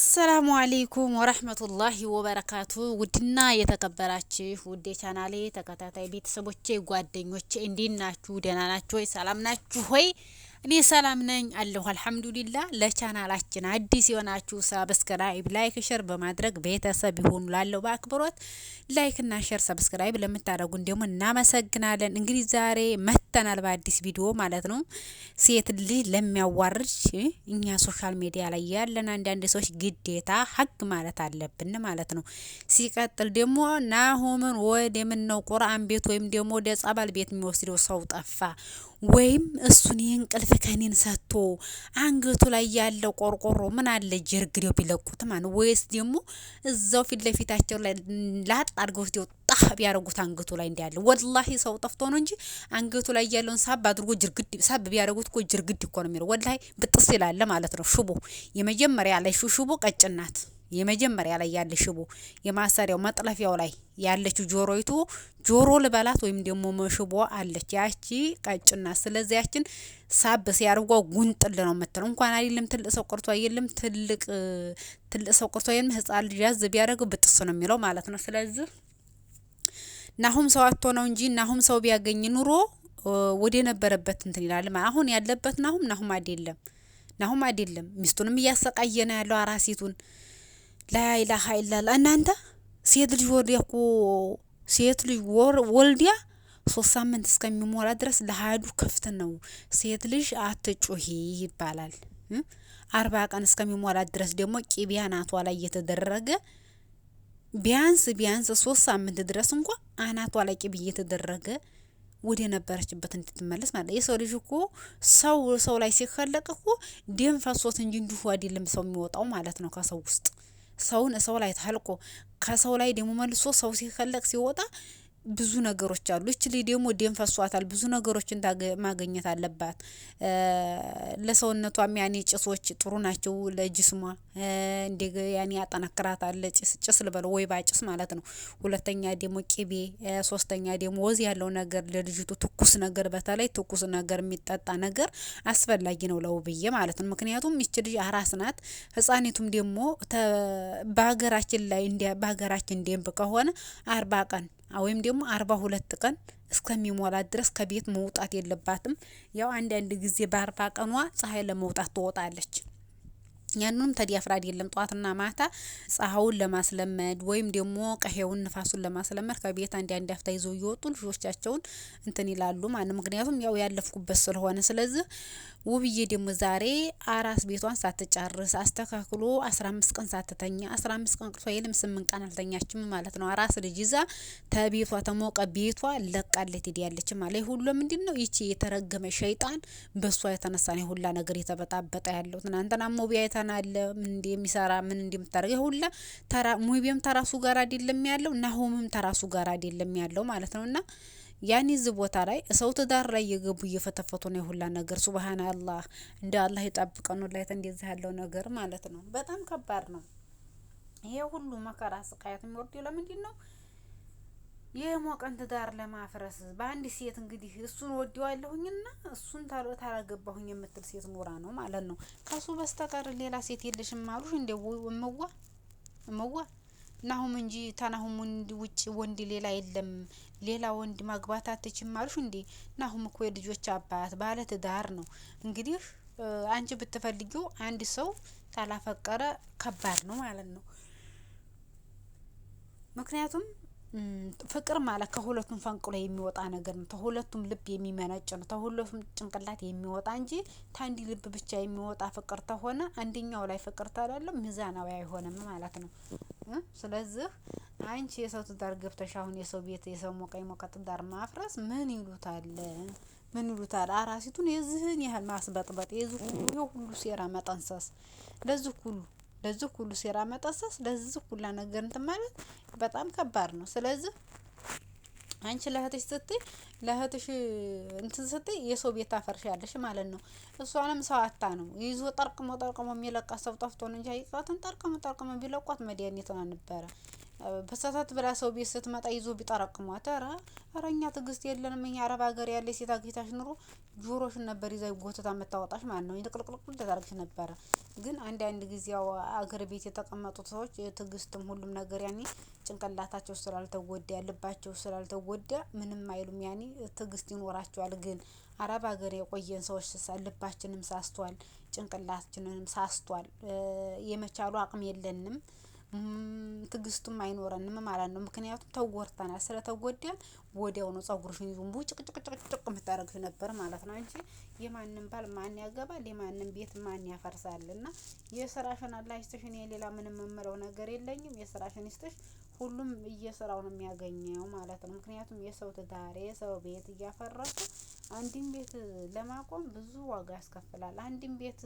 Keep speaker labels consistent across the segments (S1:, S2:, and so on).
S1: አሰላሙ አሌይኩም ወረህመቱላሂ ወበረካቱ። ውድና የተከበራችሁ ውዴ ቻናሌ ተከታታይ ቤተሰቦቼ ጓደኞቼ እንዴት ናችሁ? ደህና ናችሁ ወይ? ሰላም ናችሁ ሆይ? እኔ ሰላም ነኝ አለሁ አልሐምዱሊላ። ለቻናላችን አዲስ የሆናችሁ ሰብስክራይብ፣ ላይክ፣ ሸር በማድረግ ቤተሰብ ይሆኑ ላለው በአክብሮት ላይክና ሸር ሰብስክራይብ ለምታደርጉን ደግሞ እናመሰግናለን። እንግዲህ ዛሬ መተናል በአዲስ ቪዲዮ ማለት ነው። ሴት ልጅ ለሚያዋርድ እኛ ሶሻል ሚዲያ ላይ ያለን አንዳንድ ሰዎች ግዴታ ሀግ ማለት አለብን ማለት ነው። ሲቀጥል ደግሞ ናሆምን ወደ ምነው ቁርአን ቤት ወይም ደግሞ ወደ ጸበል ቤት የሚወስደው ሰው ጠፋ ወይም እሱን የእንቅልፍ ከኔን ሰጥቶ አንገቱ ላይ ያለው ቆርቆሮ ምን አለ ጀርግዴው ቢለቁት ማለት ነው። ወይስ ደግሞ እዛው ፊት ለፊታቸው ላይ ላጥ አድርገው ስደው ቢያደርጉት አንገቱ ላይ እንዳለ ወላሂ ሰው ጠፍቶ ነው እንጂ አንገቱ ላይ ያለውን ሳብ አድርጎ ጅርግድ ሳብ ቢያደርጉት እኮ ጅርግድ እኮ ነው የሚለው ወላሂ ብጥስ ይላለ ማለት ነው። ሽቦ የመጀመሪያ ላይ ሽቦ ቀጭናት የመጀመሪያ ላይ ያለ ሽቦ የማሰሪያው መጥለፊያው ላይ ያለችው ጆሮይቱ ጆሮ ልበላት ወይም ደግሞ መሽቦ አለች። ያቺ ቀጭና ስለዚህ ያችን ሳብ ሲያርጓ ጉንጥል ነው የምትለው። እንኳን አይደለም ትልቅ ሰው ቅርቶ አይደለም ትልቅ ትልቅ ሰው ቅርቶ አይደለም ህጻን ልጅ ያዝ ቢያደርግ ብጥስ ነው የሚለው ማለት ነው። ስለዚህ ናሁም ሰው አቶ ነው እንጂ ናሁም ሰው ቢያገኝ ኑሮ ወደ ነበረበት እንትን ይላል። አሁን ያለበት ናሁም ናሁም አይደለም ናሁም አይደለም። ሚስቱንም እያሰቃየ ነው ያለው አራሲቱን ላይላሀ ይላል እናንተ። ሴት ልጅ ወልዲያ እኮ ሴት ልጅ ወልዲያ ሶስት ሳምንት እስከሚሞላ ድረስ ለሀዱ ክፍት ነው። ሴት ልጅ አትጩሂ ይባላል። አርባ ቀን እስከሚሞላ ድረስ ደግሞ ቂቤ አናቷ ላይ እየተደረገ ቢያንስ ቢያንስ ሶስት ሳምንት ድረስ እንኳ አናቷ ላይ ቂቤ እየተደረገ ወደ ነበረችበት እንድትመለስ ማለት የሰው ልጅ እኮ ሰው ሰው ላይ ሲከለቅ እኮ ደም ፈሶት እንጂ እንዲሁ አይደለም ሰው የሚወጣው ማለት ነው ከሰው ውስጥ ሰውን ሰው ላይ ታልቆ ከሰው ላይ ደግሞ መልሶ ሰው ሲከለቅ ሲወጣ ብዙ ነገሮች አሉ። እች ልጅ ደግሞ ደም ፈሷታል። ብዙ ነገሮችን ማገኘት አለባት። ለሰውነቷም ያኔ ጭሶች ጥሩ ናቸው። ለጅስሟ እንደ ያኔ ያጠናክራታል። ጭስ ጭስ ልበለው ወይ ባጭስ ማለት ነው። ሁለተኛ ደግሞ ቅቤ፣ ሶስተኛ ደግሞ ወዝ ያለው ነገር ለልጅቱ ትኩስ ነገር፣ በተለይ ትኩስ ነገር የሚጠጣ ነገር አስፈላጊ ነው ለውብዬ ማለት ነው። ምክንያቱም እች ልጅ አራስ ናት። ህጻኔቱም ደግሞ በሀገራችን ላይ በሀገራችን ደንብ ከሆነ አርባ ቀን ወይም ደግሞ አርባ ሁለት ቀን እስከሚሞላት ድረስ ከቤት መውጣት የለባትም። ያው አንዳንድ ጊዜ በአርባ ቀኗ ፀሐይ ለመውጣት ትወጣለች። ያንንም ተዲያፍራድ የለም። ጧትና ማታ ፀሐዩን ለማስለመድ ወይም ደግሞ ቀሄውን ንፋሱን ለማስለመድ ከቤት አንድ አንድ አፍታ ይዘው እየወጡ ልጆቻቸውን እንትን ይላሉ ማለት ምክንያቱም ያው ያለፍኩበት ስለሆነ። ስለዚህ ውብዬ ደግሞ ዛሬ አራስ ቤቷን ሳትጨርስ አስተካክሎ አስራ አምስት ቀን ሳትተኛ አስራ አምስት ቀን ቅርቷ የለም ስምንት ቀን አልተኛችም ማለት ነው። አራስ ልጅ ይዛ ተቤቷ ተሞቀ ቤቷ ለቃለት ሄዳለች ማለት ሁሉ ምንድን ነው ይቺ የተረገመ ሸይጣን በእሷ የተነሳ ነው ሁላ ነገር የተበጣበጠ ያለው ትናንትና ሞቢያ ፈተና አለ። ምን እንደሚሰራ ምን እንደምታደርገ ሁላ ተራ ሙቤም ተራሱ ጋር አይደለም ያለው ናሆምም ተራሱ ጋር አይደለም ያለው ማለት ነውና ያን እዚህ ቦታ ላይ ሰው ትዳር ላይ የገቡ እየፈተፈቱ ነው የሁላ ነገር። ሱብሃነ አላህ እንደ አላህ የጠብቀኑ ላይ እንደዚህ ያለው ነገር ማለት ነው። በጣም ከባድ ነው ይሄ ሁሉ መከራ ስቃያት የሚወርድ ለምንድን ነው? የሞቀን ትዳር ለማፍረስ በአንድ ሴት እንግዲህ እሱን ወዲዋለሁኝና እሱን ታላገባሁኝ የምትል ሴት ኖራ ነው ማለት ነው። ከሱ በስተቀር ሌላ ሴት የለሽም አሉሽ እንደ እመዋ እመዋ ናሁም እንጂ ተናሁም ወንድ ውጭ ወንድ ሌላ የለም፣ ሌላ ወንድ ማግባት አትችም አሉሽ እንዴ? ናሁም እኮ የልጆች አባት ባለ ትዳር ነው። እንግዲህ አንቺ ብትፈልጊው አንድ ሰው ታላፈቀረ ከባድ ነው ማለት ነው። ምክንያቱም ፍቅር ማለት ከሁለቱም ፈንቅሎ የሚወጣ ነገር ነው። ከሁለቱም ልብ የሚመነጭ ነው። ከሁለቱም ጭንቅላት የሚወጣ እንጂ ታንዲ ልብ ብቻ የሚወጣ ፍቅር ተሆነ አንደኛው ላይ ፍቅር ተላለም ሚዛናዊ አይሆንም ማለት ነው። ስለዚህ አንቺ የሰው ትዳር ገብተሽ አሁን የሰው ቤት የሰው ሞቀ ትዳር ማፍረስ ምን ይሉታል? ምን ይሉታል? አራሲቱን የዚህን ያህል ማስበጥበጥ የዚህ ሁሉ ሴራ መጠንሰስ ለዚህ ሁሉ ለዚህ ሁሉ ሴራ መጠሰስ፣ ለዚህ ሁሉ ነገር እንትን ማለት በጣም ከባድ ነው። ስለዚህ አንቺ ለእህትሽ ስትይ ለእህትሽ እንትን ስትይ የሰው ቤት አፈርሽ ያለሽ ማለት ነው። እሷንም ሰው አታ ነው ይዞ ጠርቅሞ ጠርቅሞ የሚለቃት ሰው ጠፍቶ ነው እንጂ አይቅጣትን ጠርቅሞ ጠርቅሞ ቢለቋት መድኃኒቷ ነበረ። በሰታት ብላ ሰው ቤት ስትመጣ ይዞ ቢጠረቅሟት፣ ኧረ ኧረ እኛ ትዕግስት የለንም። እኛ አረብ ሀገር ያለ ሴት አግኝታሽ ኑሮ ጆሮሽን ነበር ይዛ ጎተታ የምታወጣሽ ማለት ነው። ይንቅልቅልቅል ተታርግሽ ነበረ። ግን አንዳንድ ጊዜ ያው አገር ቤት የተቀመጡት ሰዎች ትዕግስትም ሁሉም ነገር ያኔ ጭንቅላታቸው ስላልተጎዳ ልባቸው ስላልተጎዳ ምንም አይሉም። ያኔ ትዕግስት ይኖራቸዋል። ግን አረብ ሀገር የቆየን ሰዎች ልባችንም ሳስቷል፣ ጭንቅላታችንንም ሳስቷል። የመቻሉ አቅም የለንም። ትግስቱም አይኖረንም ማለት ነው። ምክንያቱም ስለ ስለተጎዳን ወዲያው ነው ፀጉርሽን ይዞ እምቡ ጭቅጭቅጭቅጭቅ የምታደርግሽ ነበር ማለት ነው እንጂ የማንም ባል ማን ያገባል? የማንም ቤት ማን ያፈርሳል? እና የስራሽን አላህ ይስጥሽ። እኔ ምንም የምለው ነገር የለኝም። የስራሽን ይስጥሽ። ሁሉም እየስራው ነው የሚያገኘው ማለት ነው። ምክንያቱም የሰው ትዳር የሰው ቤት እያፈረሱ አንድን ቤት ለማቆም ብዙ ዋጋ ያስከፍላል። አንድን ቤት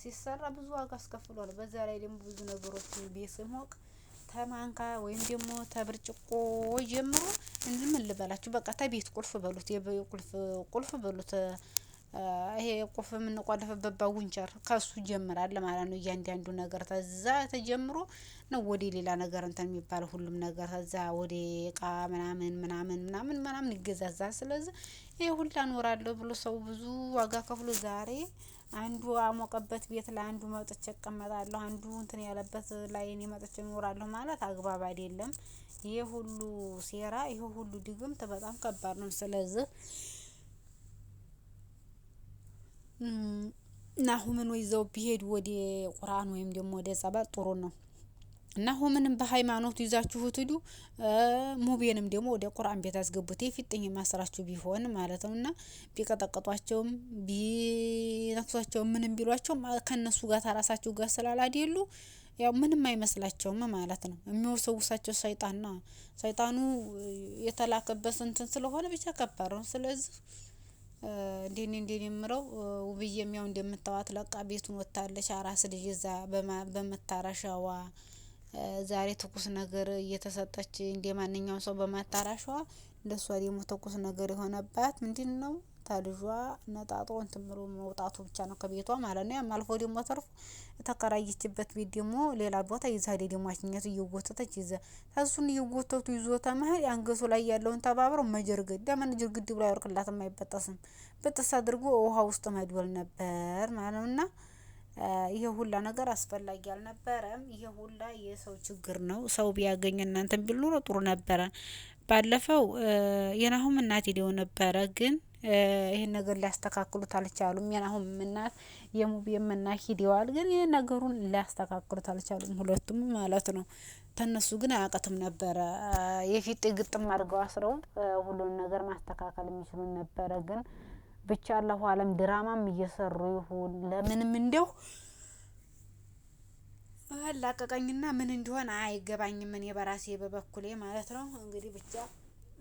S1: ሲሰራ ብዙ ዋጋ አስከፍሏል። በዛ ላይ ደግሞ ብዙ ነገሮችን ቤት ሞቅ ተማንካ ወይም ደግሞ ተብርጭቆ ጀምሮ እንዝም ልበላችሁ በቃ ተቤት ቁልፍ በሉት የቁልፍ ቁልፍ በሉት ይሄ ቁልፍ የምንቆልፍበት ባጉንቸር ከሱ ጀምራል ማለት ነው። እያንዳንዱ ነገር ተዛ ተጀምሮ ነው ወደ ሌላ ነገር እንትን የሚባል ሁሉም ነገር ተዛ ወደ እቃ ምናምን ምናምን ምናምን ምናምን ይገዛዛ። ስለዚህ ይሄ ሁላ እኖራለሁ ብሎ ሰው ብዙ ዋጋ ከፍሎ ዛሬ አንዱ አሞቀበት ቤት ላይ አንዱ መጥቼ እቀመጣለሁ፣ አንዱ እንትን ያለበት ላይ እኔ መጥቼ እኖራለሁ ማለት አግባብ አይደለም። ይሄ ሁሉ ሴራ፣ ይሄ ሁሉ ድግምት በጣም ከባድ ነው። ስለዚህ ናሁምን ይዘው ቢሄድ ወደ ቁርአን ወይም ደግሞ ወደ ጸበል ጥሩ ነው። እና ሆምንም በሃይማኖት ይዛችሁት ሂዱ፣ ሙቤንም ደግሞ ወደ ቁርአን ቤት አስገቡት። የፊጥኝ ማሰራችሁ ቢሆን ማለት ነው። እና ቢቀጠቅጧቸውም ቢነክሷቸውም ምንም ቢሏቸውም ከእነሱ ጋር ታራሳችሁ ጋር ስላላደሉ ያው ምንም አይመስላቸውም ማለት ነው። የሚወሰውሳቸው ነው። ሰይጣኑ የተላከበት እንትን ስለሆነ ብቻ ከባድ ነው። ስለዚህ እንዴኔ እንዴኔ የምለው ውብዬም ያው እንደምታዋት ለቃ ቤቱን ወታለች። አራስ ልጅ እዛ በመታረሻዋ ዛሬ ትኩስ ነገር እየተሰጠች እንደ ማንኛውም ሰው በማታራሿ እንደሷ ደግሞ ትኩስ ነገር የሆነባት ምንድን ነው ተልጇ ነጣጥሮ እንትን ብሎ መውጣቱ ብቻ ነው ከቤቷ ማለት ነው። ያም አልፎ ደግሞ ተርፎ ተከራየችበት ቤት ደግሞ ሌላ ቦታ ይዛ ሄደ ደግሞ አችኘቱ እየጎተተች ይዘ ተሱን እየጎተቱ ይዞ ተመህል አንገቱ ላይ ያለውን ተባብረው መጀርግድ ለምን ጅርግድ ብሎ አይወርቅላትም የማይበጠስም ብጥስ አድርጎ ውሃ ውስጥ መድወል ነበር ማለት ነው እና ይሄ ሁላ ነገር አስፈላጊ አልነበረም። ይሄ ሁላ የሰው ችግር ነው። ሰው ቢያገኝ እናንተን ቢል ኖሮ ጥሩ ነበረ። ባለፈው የናሁም እናት ሄደው ነበረ ግን ይህን ነገር ሊያስተካክሉት አልቻሉም። የናሁም እናት የሙብ እናት ሂደዋል፣ ግን ነገሩን ሊያስተካክሉት አልቻሉም። ሁለቱም ማለት ነው። ተነሱ ግን አያቀትም ነበረ። የፊት ግጥም አድርገው አስረው ሁሉን ነገር ማስተካከል የሚችሉን ነበረ ግን ብቻ ለኋለም አለም ድራማም እየሰሩ ይሁን ለምንም እንደው አላቀቀኝና ምን እንዲሆን አይገባኝም። እኔ በራሴ በበኩሌ ማለት ነው እንግዲህ ብቻ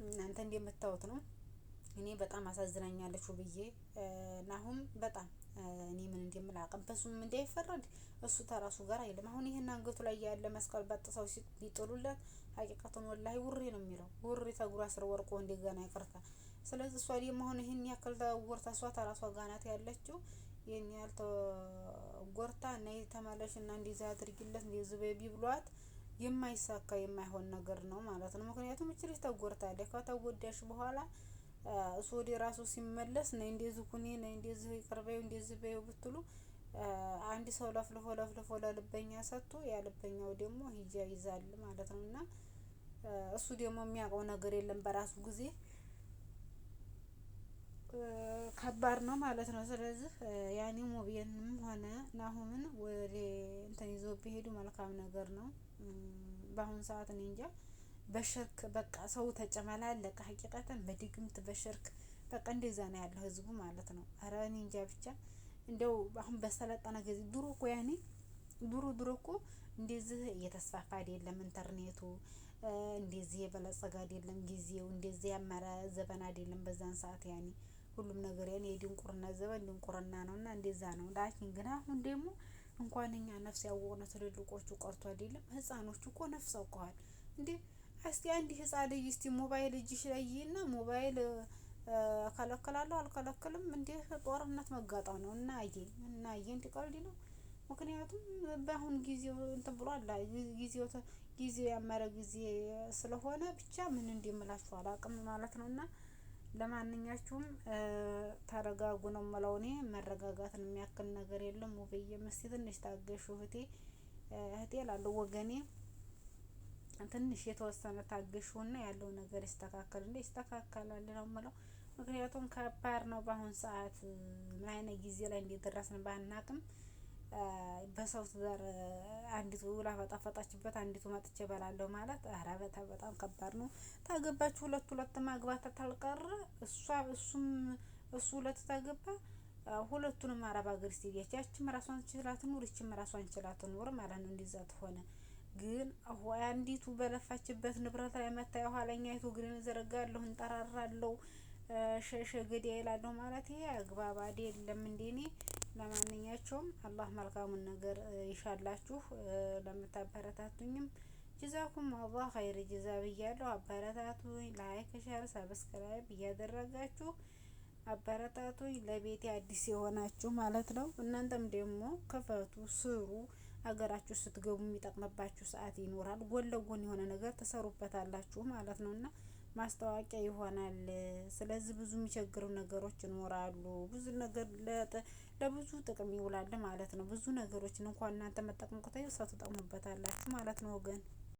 S1: እናንተ እንደምታዩት ነው። እኔ በጣም አሳዝናኛለች ብዬ ናሁም በጣም እኔ ምን እንደምል አቅም በሱም እንዳይፈረድ እሱ ተራሱ ጋር አይልም። አሁን ይሄን አንገቱ ላይ ያለ መስቀል በጥሰው ሲጥሉለት ሀቂቀቱን ወላሂ ውሪ ነው የሚለው ውሪ ተጉራ ስር ወርቆ እንደገና ይቅርታ ስለዚህ እሷ ደግሞ አሁን ይህን ያክል ተጎርታ እሷ ተራሷ ጋር ናት ያለችው። ይህን ያህል ተጎርታ ነይ ተመለሽ እና እንደዚህ አድርጊለት እንደዚህ በቢ ብሏት የማይሳካ የማይሆን ነገር ነው ማለት ነው። ምክንያቱም እች ልጅ ተጎርታለች። ከተጎዳሽ በኋላ እሱ ወደ ራሱ ሲመለስ ነይ እንደዚህ ሁኔ ነይ እንደዚህ ይቅር በይው እንደዚህ በይው ብትሉ አንድ ሰው ለፍልፎ ለፍልፎ ለልበኛ ሰጥቶ ያ ልበኛው ደግሞ ሂጃ ይዛል ማለት ነው እና እሱ ደግሞ የሚያውቀው ነገር የለም በራሱ ጊዜ ከባድ ነው ማለት ነው። ስለዚህ ያኔ ሞብዬንም ሆነ ናሁምን ወደ እንትን ይዞ ቢሄዱ መልካም ነገር ነው። በአሁኑ ሰዓት እኔ እንጃ በሽርክ በቃ ሰው ተጨመላለቀ። ሀቂቀትን በድግምት በሽርክ በቃ እንደዛ ነው ያለው ህዝቡ ማለት ነው። ኧረ እኔ እንጃ ብቻ እንደው አሁን በሰለጠነ ጊዜ ድሮ እኮ ያኔ ድሮ ድሮ እኮ እንደዚህ እየተስፋፋ አይደለም ኢንተርኔቱ እንደዚህ የበለጸገ አይደለም ጊዜው እንደዚህ ያመረ ዘበን አይደለም በዛን ሰዓት ያኔ ሁሉም ነገር ያን የድንቁርና ዘመን ድንቁርና ነው እና እንደዛ ነው። ላኪን ግን አሁን ደግሞ እንኳን እኛ ነፍስ ያወቅነ ትልልቆቹ ቀርቶ አይደለም ህፃኖቹ እኮ ነፍስ አውቀዋል እንዴ። እስቲ አንድ ህፃን ልጅ እስቲ ሞባይል እጅሽ ላይ ይይና ሞባይል እከለክላለሁ አልከለክልም እንዴ ጦርነት መጋጣው ነው እና አየ እና አየ እንዲ ነው። ምክንያቱም በአሁን ጊዜው እንትን ብሏል ጊዜው ጊዜው ያመረ ጊዜ ስለሆነ ብቻ ምን እንደምላችሁ አላውቅም ማለት ነው እና ለማንኛችሁም ተረጋጉ ነው የምለው። እኔ መረጋጋትን የሚያክል ነገር የለም። ውብዬም እስኪ ትንሽ ታገሹ እህቴ እህቴ ላለው ወገኔ፣ ትንሽ የተወሰነ ታገሹና ያለው ነገር ይስተካከል እንደ ይስተካከላል ነው የምለው። ምክንያቱም ከባድ ነው በአሁን ሰዓት ምን አይነት ጊዜ ላይ እንደደረስን ባናቅም በሰው ዘር አንዲቱ ላፈጣፈጣችበት አንዲቱ መጥቼ እበላለሁ ማለት ኧረ በጣም ከባድ ነው። ታገባችሁ ሁለት ሁለት ማግባት ታልቀረ እሷ እሱም እሱ ሁለት ታገባ ሁለቱንም አረብ ሀገር ስትሄድ ያቺም ራሷን ችላ ትኑር ይቺም ራሷን ችላ ትኑር ማለት ነው። እንደዛ ተሆነ ግን አንዲቱ በለፋችበት ንብረት ላይ መታ የኋለኛይቱ እግሬን እዘረጋለሁ እንጠራራለሁ ሸሸ ገዳይ ይላለሁ ማለት ይሄ አግባብ አይደለም። እንደኔ ለማንኛቸውም አላህ መልካሙን ነገር ይሻላችሁ። ለምታበረታቱኝም ጅዛኩም አላህ ኸይር ጅዛ ብያለሁ። አበረታቱኝ። ላይክ፣ ሸር፣ ሰብስክራይብ እያደረጋችሁ አበረታቱኝ። ለቤቴ አዲስ የሆናችሁ ማለት ነው። እናንተም ደግሞ ክፈቱ፣ ስሩ። ሀገራችሁ ስትገቡ የሚጠቅምባችሁ ሰዓት ይኖራል። ጎን ለጎን የሆነ ነገር ትሰሩበታላችሁ ማለት ነው እና ማስታወቂያ ይሆናል። ስለዚህ ብዙ የሚቸግሩ ነገሮች ይኖራሉ ብዙ ነገር ለብዙ ጥቅም ይውላል ማለት ነው። ብዙ ነገሮችን እንኳን እናንተ መጠቀም ከቻላችሁ ትጠቅሙበታላችሁ ማለት ነው ወገን